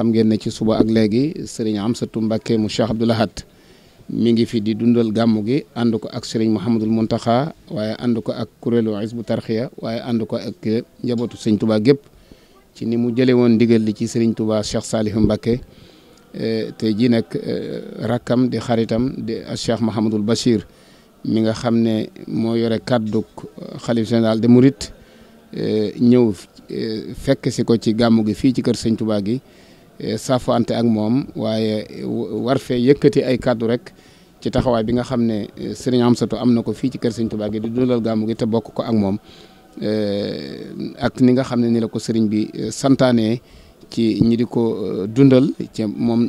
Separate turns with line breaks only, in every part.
xam ngeen ci suba ak léegi am Amsatou Mbacké mu Cheikh Abdoul Ahad mi ngi fi di dundal gàmmu gi ànd ko ak sëriñ Mouhamadul Mountakha waaye ànd ko ak kuréelu Hizbut Tarqiyyah waaye ànd ko ak njabootu sëriñ Touba gépp ci ni mu jëlee woon ndigal li ci sëriñ Touba Cheikh Salihou Mbacké eh, te jii nag eh, rakkam di xaritam di Cheikh Mouhamadul Bachir mi nga xam ne moo yore kàddug xalif général de Mouride eh, ñëw fekk si ko ci gàmmu gi fii ci kër sëñ Touba gi Eh, saafante ak moom waaye eh, war fee yëkkati ay kàddu rek ci taxawaay bi nga xam ne eh, sëriñ Amsatou am na ko fii ci kër sëriñ Tuubaa gi di dundal gàmmu gi te bokk ko ak moom ak ni nga xam ne ni la ko sëriñ bi santaane ci ñi di ko dundal ci moom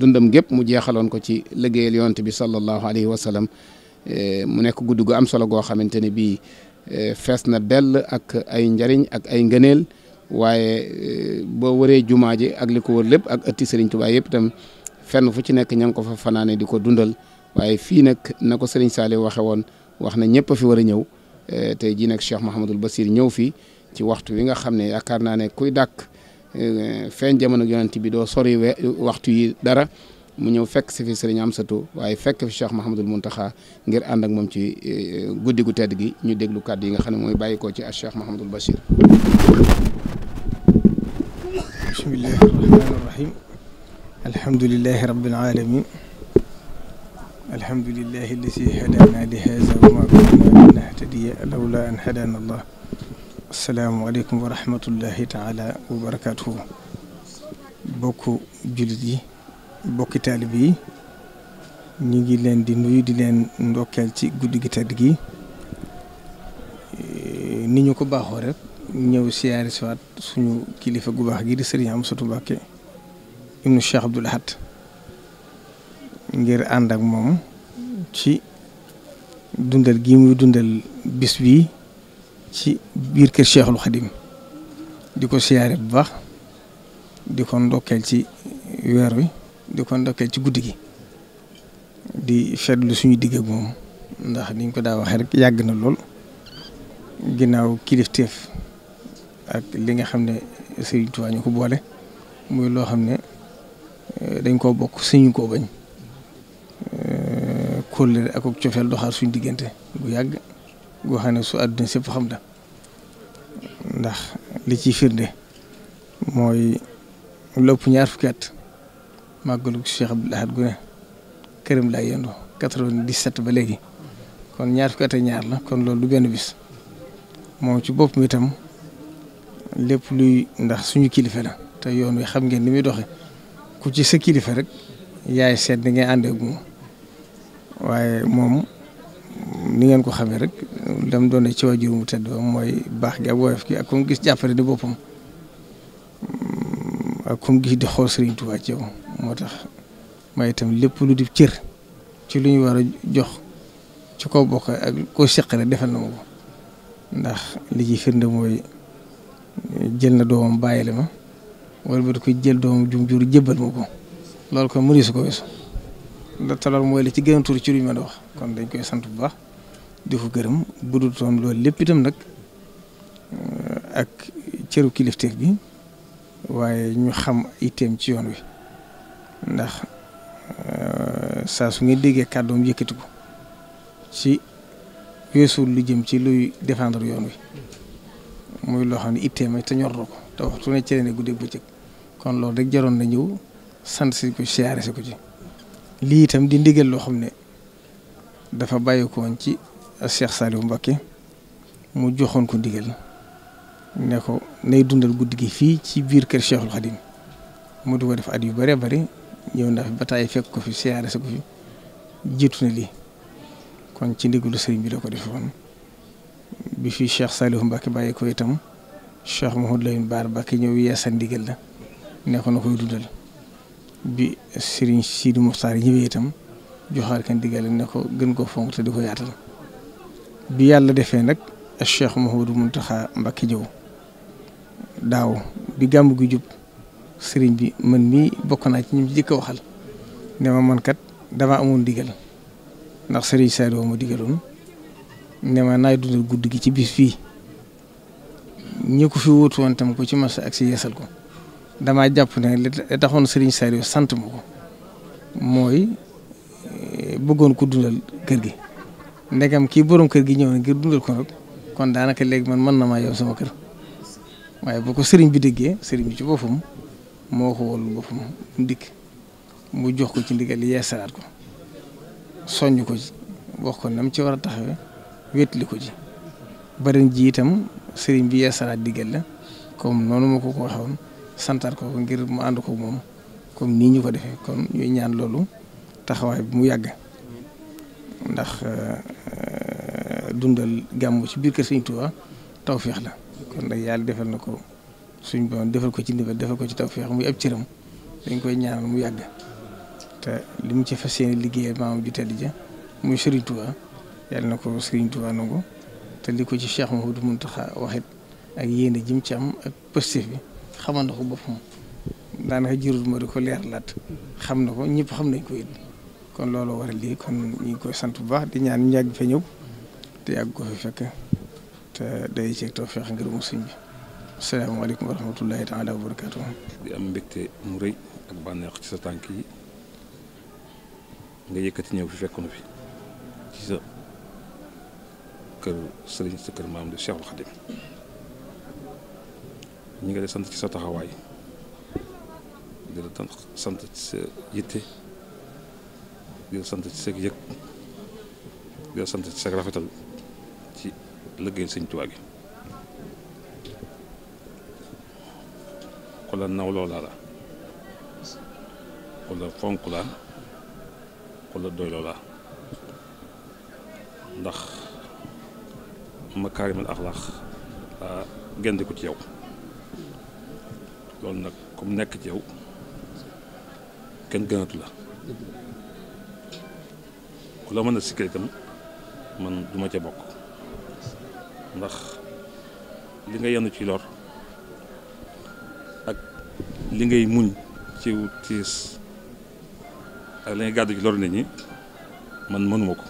dundam gépp mu jeexaloon ko ci liggéeyal yonent bi sallallahu alayhi wasalam sallam mu nekk guddi gu am solo goo xamante ne bii fees na dell ak ay njariñ ak ay ngëneel. waaye eh, boo waree jumaa ji ak li ko wër lépp ak ëtti Serigne Touba yëpp itam fenn fu ci nekk ña ngi ko fa fanaane di ko dundal waaye fii nag na ko Serigne Saliou waxe woon wax na ñëpp a fi war a ñëw eh, te jii nag Cheikh Mahamadul Basir ñëw fii ci waxtu wi nga xam ne yaakaar naa ne kuy dàkk eh, feeñ jamono yonent bi doo sori waxtu yi dara mu ñëw fekk si fi sëriñ Amsatu waaye fekk fi Cheikh Mahamadul Muntaxa ngir ànd moom ci guddi gu tedd gi ñu déglu kàddu yi nga xam ne mooy bàyyi ko ci ak Cheikh Mahamadul Bachir bismillahi rahmaani rahim alhamdulilahi rabbil alamin
alhamdulilahi alladi hadaana li haza wa ma kunna lawla an hadaana allah asalaamu aleykum wa rahmatullahi taala wa barakatuhu bokk jullit yi bokki taalib yi ñu ngi leen di nuyu di leen ndokkeel ci guddi gi eh, ko baaxoo rek ñëw siyaari siwaat suñu kilifa gu baax ngir di sëriñ Amsatu Mbàkke ibnu Cheikh Abdoul Ahad ngir ànd ak moom ci dundal gi muy dundal bis bi ci biir kër Cheikhul Xadim di ko siyaare bu baax di ko ndokkeel ci weer wi di ko ndokkeel ci guddi gi di fetlu suñu digg ak moom ndax niñ ko daa waxee rek yàgg na lool ginnaaw kilifteef ak li nga xam ne Serigne Touba ñu ko boole muy loo xam ne eh, dañ koo bokk suñu koo bañ eh, kóllëre ak ak cofeel doxaar suñu diggante bu yàgg goo xam ne su àdduna sépp xam na ndax li ciy firnde mooy lopp ñaar fukki at màggalu Cheikh Abdoul Ahad gu ne këram laa yendu 97 ba léegi kon ñaar fukki at ak ñaar la kon loolu du benn bis moom ci bopp mi itam lépp luy ndax suñu kilifa la te yoon wi xam ngeen ni muy doxe ku ci sa kilifa rek yaay seet ni ngay àndee ak moom waaye moom ni ngeen ko xamee rek dam doon ci waajur mu tedd mooy baax gi ak woyof ak kum gis jàppale di boppam mm, ak kum gis di xool Serigne Touba ci moo tax may itam lépp lu di cër ci lu ñu war a jox ci ko bokk ak koo seqale defal na ma ko ndax li ci firnde mooy. jël na doomam bàyyi la ma wala bu jël doomam jum jur jébbal ma ko loolu kon mënu su ko weesu da mooy li ci gën a tuur wax kon dañ koy sant bu baax di ko gërëm budul toon loolu lépp nag euh, ak cëru kilifteef bi waaye ñu xam ci yoon wi ndax euh, saa su ngeen déggee kàddoom yëkkati ko ci weesu lu jëm ci luy défendre yoon wi muy loo xam ne itteema te ñor na ko te waxtu ne cere ne guddeeg bëccëg kon loolu rek jaroon na ñëw sant si ko siyaare si ko ci lii itam di ndiggal loo xam ne dafa bàyyi ko woon ci Cheikh Saliou Mbacké mu joxoon ko ndigal ne ko nay dundal guddi gi fii ci biir kër Cheikhul Khadim mu di ko def at yu bëree bëri ñëw na fi bataay fekk ko fi siyaare si ko fi jiitu na lii kon ci ndigalu sëriñ bi la ko defee woon bi fii Cheikh Saliou Mbacke bàyyi ko itam Cheikh Mouhamadou Lamine Bara Mbacke ñëw yeesa ndigal la nekkoon na koy dundal bi Serigne Sidi Mokhtar ñëwee itam joxaar kan ndigal ne ko gën koo fonk te di ko yaatal bi yàlla defee nag Cheikh Mouhamadou Mountakha Mbacke ñëw daaw bi gàmm gi jub Serigne bi man mii bokk naa ci ñu jëkk a waxal ne man kat dama amoon ndigal ndax Serigne Saliou ma digaloon. ne ma naay dundal guddi gi ci bis fii ñi ko fi wóotu woon tam ko ci mas ak si yeesal ko damaa jàpp ne li sëriñ Serigne Saliou sant ma ko mooy eh, bëggoon ko dundal kër gi ndegam kii borom kër gi ñëw na ngir dundal ko nag kon daanaka léegi man mën na maa yow sama kër waaye boo ko sëriñ bi déggee sëriñ bi ci boppam moo ko wolu boppam ndikk mu jox ko ci ndigal yeesalaat ko soññ ko ci wax ko mu ci war a taxawee wétli ko ci baren ji itam sëriñ bi yeesalaat diggal la comme noonu ma ko ko waxoon santaat ko ngir mu ànd ko moom comme nii ñu ko defee kon ñuy ñaan loolu taxawaay bi mu yàgg ndax euh, euh, dundal gàmmu ci biir kër Sëriñ Tuubaa tawféex la kon nag yàlla defal na ko suñ boon defal ko ci ndimbal defal ko ci tawféex muy ab cëram dañ koy ñaanal mu yàgg te li mu ci fas yéene liggéeyal maam ju tedd ja muy Sëriñ Tuubaa yàlla na ko Serigne Touba nangu te li ko ci Cheikh Mouhamadou Mountakha waxit ak yéene jim ci am ak positif bi xamal na ko boppam daanaka jurul ma di ko leer leerlaat xam na ko ñëpp xam nañ ko it kon loolu war a kon ñu ngi koy sant bu baax di ñaan ñu yàgg fa ñëw te yàgg ko fi fekk te day ceeg too feex ngir mu sëñ bi asalaamaaleykum wa rahmatullahi taala wa barakaatu
di am mbégte mu rëy ak bànneex ci sa tànk yi nga yëkkati ñëw fi fekkoon fi kër sëriñ sa kër maam di Cheikhul Khadim ñi nga dee sant ci sa taxawaay di sant ci sa yitte di sant ci sa yëg di sant ci sa rafetal ci liggéey sëñ Tuubaa gi ku la nawloo laa la ku la fonk laa ku la doyloo laa ndax makaarimal axlaax ah, gende ko ci yaw loolu nag comme nekk ci yow kenn gënatu la ku la mën a sikkee itam man duma ci bokk ndax li nga yenn ci lor ak li ngay muñ ci tiis ak li ngay gàddu ci lor nit man mënuma ko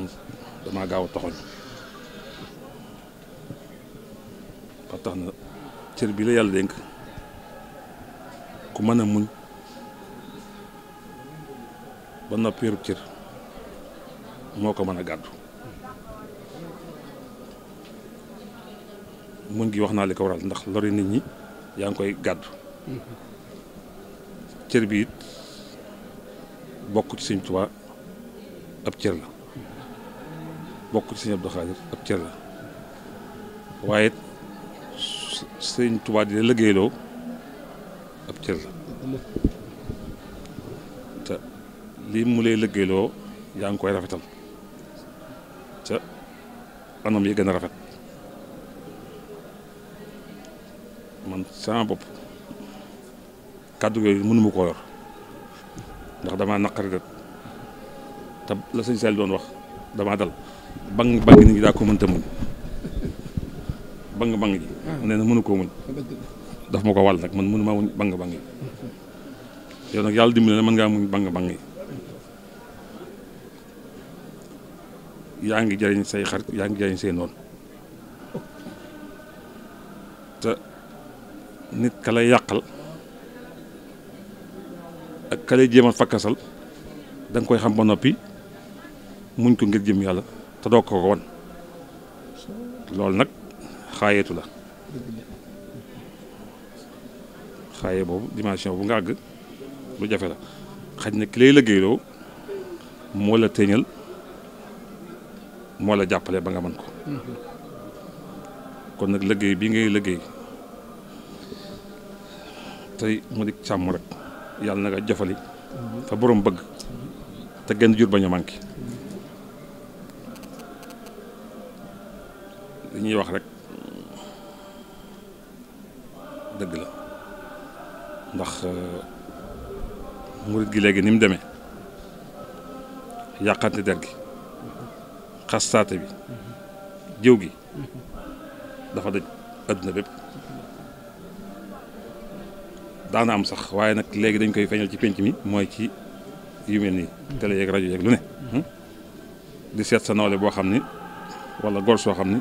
man damaa gaaw a toxoñ ba tax na cër bii la yàlla dénk ku mën a muñ ba noppeeru cër moo ko mën a gàddu muñ gi wax naa li ko waral ndax lori nit ñi yaa ngi koy gàddu cër bi it bokk ci Sëñ Tuubaa ab cër la bokk ci sëñ Abdou Khadir ab cër la waaye it sëñ Tuubaa di la liggéeyloo ab cër la te lii mu lay liggéeyloo yaa ngi koy rafetal ca anam yi gën a rafet man sama bopp kàddu yooyu mënu ma koo yor ndax damaa naqari rek te la sëñ Sall doon wax. damaa dal bang bang ni daa ko mënta muñ bang bang ji ah. nee na koo muñ daf ma ko wàll nag man mënu maa muñ bang bang yi yow yàlla dimbali na ngaa muñ bang bang yaa ngi jëriñ say xarit yaa ngi jëriñ say noonu te nit ka yàqal ak ka lay jéem fakkasal da koy xam ba noppi muñ ko ngir jëm yàlla te doo ko won loolu nag xaayeetu la xaaye boobu dimension bu nga àgg lu jafe la xaj na ki lay liggéeyloo moo la téñal moo la jàppale ba nga mën ko kon nag liggéey bi ngay liggéey tey mu di càmm rek yàlla na nga jofali fa borom bëgg te genn jur bañ a li ñuy wax rek dëgg la ndax euh, murit gi léegi ni mu demee yàqante der gi xastaate bi jëw gi dafa daj adduna bépp daana am sax waaye nag léegi dañ koy feeñal ci pénc mi mooy ci yu mel ni télé yeeg rajo yeeg lu ne hmm? di seet sa nawle boo xam ni walla góor soo xam ni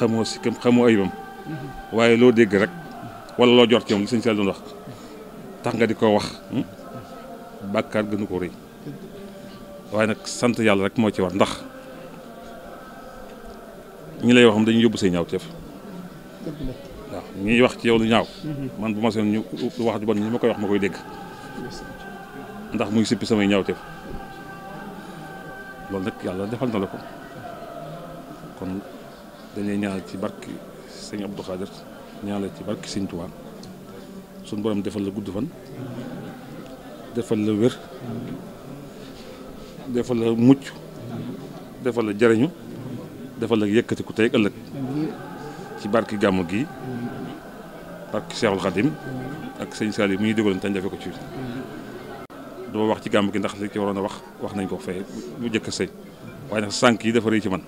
xamoo sikkam xamoo ayibam waaye loo dégg rek wala loo jot ci moom li sëñ Saliou doon wax tax nga di ko wax hmm? bàkkaar gënu ko rëy waaye nag sant yàlla rek mooy ci war ndax ñi lay wax am dañuy yóbbu say ñaawteef waaw ñuy wax ci yow lu ñaaw man bu ma seen ñu wax ju bon ñi ma koy wax ma koy dégg ndax muy sippi samay ñaawteef loolu nag yàlla defal na la ko dañuy ñaanal ci barki sëñ Abdou Khadir ñaanal ci barki sëñ Tuubaa suñu borom defal la gudd fan defal la wér defal la mucc defal la jariñu defal la yëkkati ku tey ëllëg ci barki gàmmu gi barki Seexul Xadim ak sëñ Saliou mu ñuy déggoon tañ defe ko ci duma wax ci gàmmu gi ndax li ci waroon a wax wax nañ ko fee mu jëkk sëy waaye nag sànq yi dafa ci man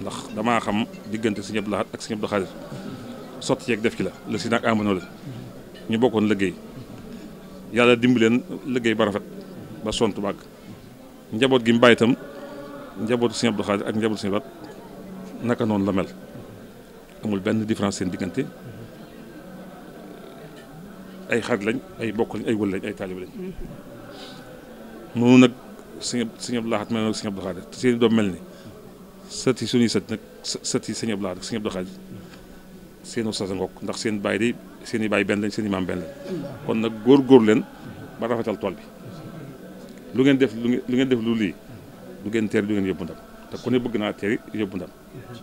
ndax damaa xam diggante sëñ Abdou Lahad ak sëñ Abdou Khadir sotti ceeg def ci la la si nag amanoo la ñu bokkoon liggéey yàlla dimbaleen liggéey ba rafet ba sont bàgg njaboot gi mu bàyyi itam njabootu sëñ Abdou Khadir ak njabootu si Abdou Lahad naka noonu la mel amul benn différence seen diggante ay xarit lañ ay bokk ay wël ay taalib lañ mm-hmm. noonu nag sëñ sëñ Abdou Lahad mel noonu te seen i doom mel ni sët yi suñuy sët nag sët yi sëñ laa Lahad ak sëñ Abdou Khadre seenu ndax seen baay di seen baay benn lañ seeni i maam benn lañ kon nag góor-góor leen ba rafetal tool bi lu ngeen def lu ngeen def lu lii du ngeen teer du ngeen yóbbu ndam te ku ne bëgg naa teer yóbbu ndam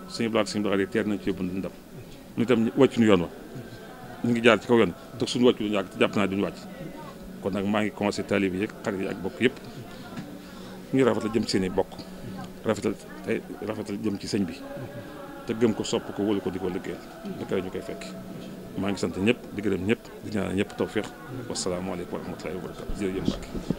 sëñ Abdou Lahad sëñ Abdou yi teer nañ ci yóbbu ndam ñu itam wàccuñu yoon wa ñu ngi jaar ci kaw yoon te suñu wàccu duñu yàgg jàpp naa duñu wàcc kon nag maa ngi commencé taalibe yi ak xarit yi ak bokk yëpp ñu rafet la jëm seen i bokk rafetal tey rafetal jëm ci sëñ bi te gëm ko sopp ko wóolu ko di ko liggéeyal da koy ñu koy fekk maa ngi sant ñëpp di gërëm ñëpp di ñaanal ñëpp tawféex wasalaamualeykum wa rahmatullahi wa barakatu jërëjëf Mbacke